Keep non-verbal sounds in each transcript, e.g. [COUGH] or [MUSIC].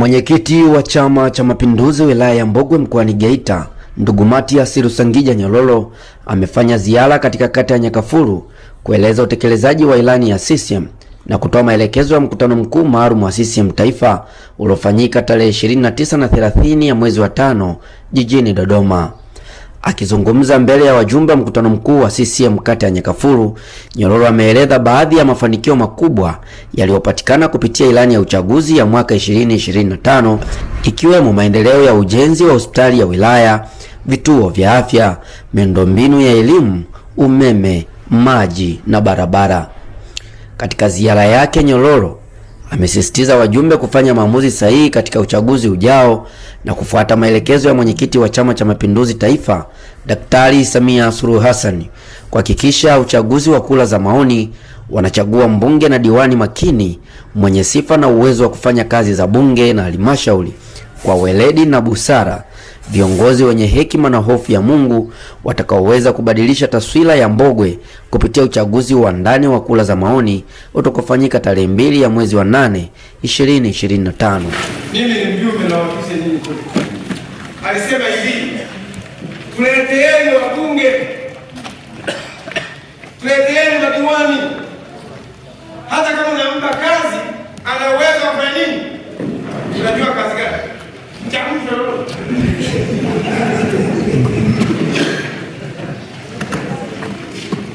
Mwenyekiti wa Chama cha Mapinduzi wilaya ya Mbogwe mkoani Geita, ndugu Mathias Lusangija Nyololo amefanya ziara katika kata ya Nyakafulu kueleza utekelezaji wa ilani ya CCM na kutoa maelekezo ya mkutano mkuu maalum wa CCM Taifa uliofanyika tarehe 29 na 30 ya mwezi wa tano jijini Dodoma. Akizungumza mbele ya wajumbe wa mkutano mkuu wa CCM kata ya Nyakafulu, Nyororo ameeleza baadhi ya mafanikio makubwa yaliyopatikana kupitia ilani ya uchaguzi ya mwaka 2025 ikiwemo maendeleo ya ujenzi wa hospitali ya wilaya, vituo vya afya, miundombinu ya elimu, umeme, maji na barabara. Katika ziara yake Nyororo amesisitiza wajumbe kufanya maamuzi sahihi katika uchaguzi ujao na kufuata maelekezo ya mwenyekiti wa Chama cha Mapinduzi Taifa, Daktari Samia Suluhu Hassan, kuhakikisha uchaguzi wa kura za maoni wanachagua mbunge na diwani makini mwenye sifa na uwezo wa kufanya kazi za bunge na halmashauri kwa weledi na busara viongozi wenye hekima na hofu ya Mungu watakaoweza kubadilisha taswira ya Mbogwe kupitia uchaguzi wa ndani wa kura za maoni utakofanyika tarehe mbili ya mwezi wa nane 2025. Mimi ni mjumbe na wakisha nyinyi Alisema hivi, tuleteeni wabunge, tuleteeni madiwani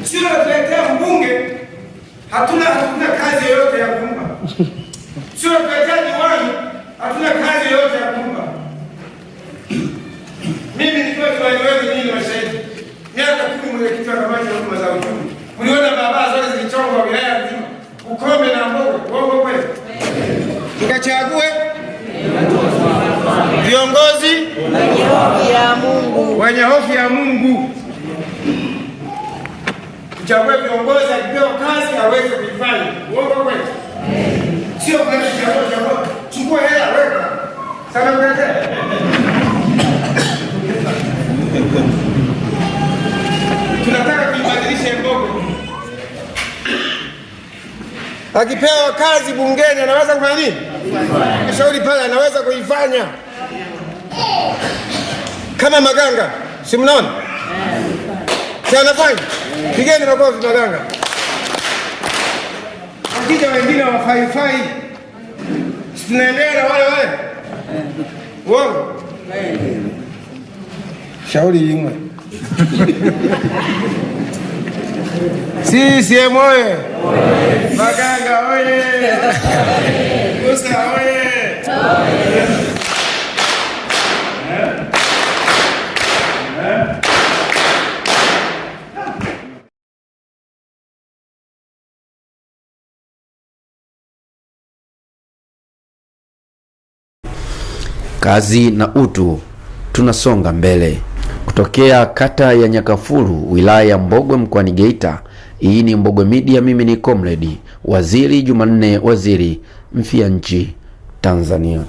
Sio mbunge, hatuna hatuna kazi yoyote ya kumpa. Sio diwani, hatuna kazi yoyote ya kumpa. Mimi nikiwa diwani wenu, ninyi miaka kumi mwenyekiti wa kamati ya huduma za uchumi, mliona barabara zote zilichongwa wilaya nzima, Ukombe na Mbogo, uongo kweli? Tukachague viongozi wenye hofu ya Mungu. Tuchague viongozi akipewa kazi aweze kuifanya. Uongo kweli? Sio kwenda chaguo chaguo, chukua hela weka sana mwenye. tunataka kuibadilisha Mbogo. Akipewa kazi bungeni anaweza kufanya nini? Kishauri pale anaweza kuifanya kama maganga, si mnaona si anafanya? Pigeni makofi maganga. Wakija wengine wafaifai, tunaendelea na wale wale uongo. Shauri imwe [LAUGHS] CCM oye! Maganga oye! [LAUGHS] Musa oye! kazi na utu, tunasonga mbele. Kutokea kata ya Nyakafulu, wilaya ya Mbogwe, mkoani Geita. Hii ni Mbogwe Media, mimi ni Comrade Waziri Jumanne Waziri, mfia nchi Tanzania.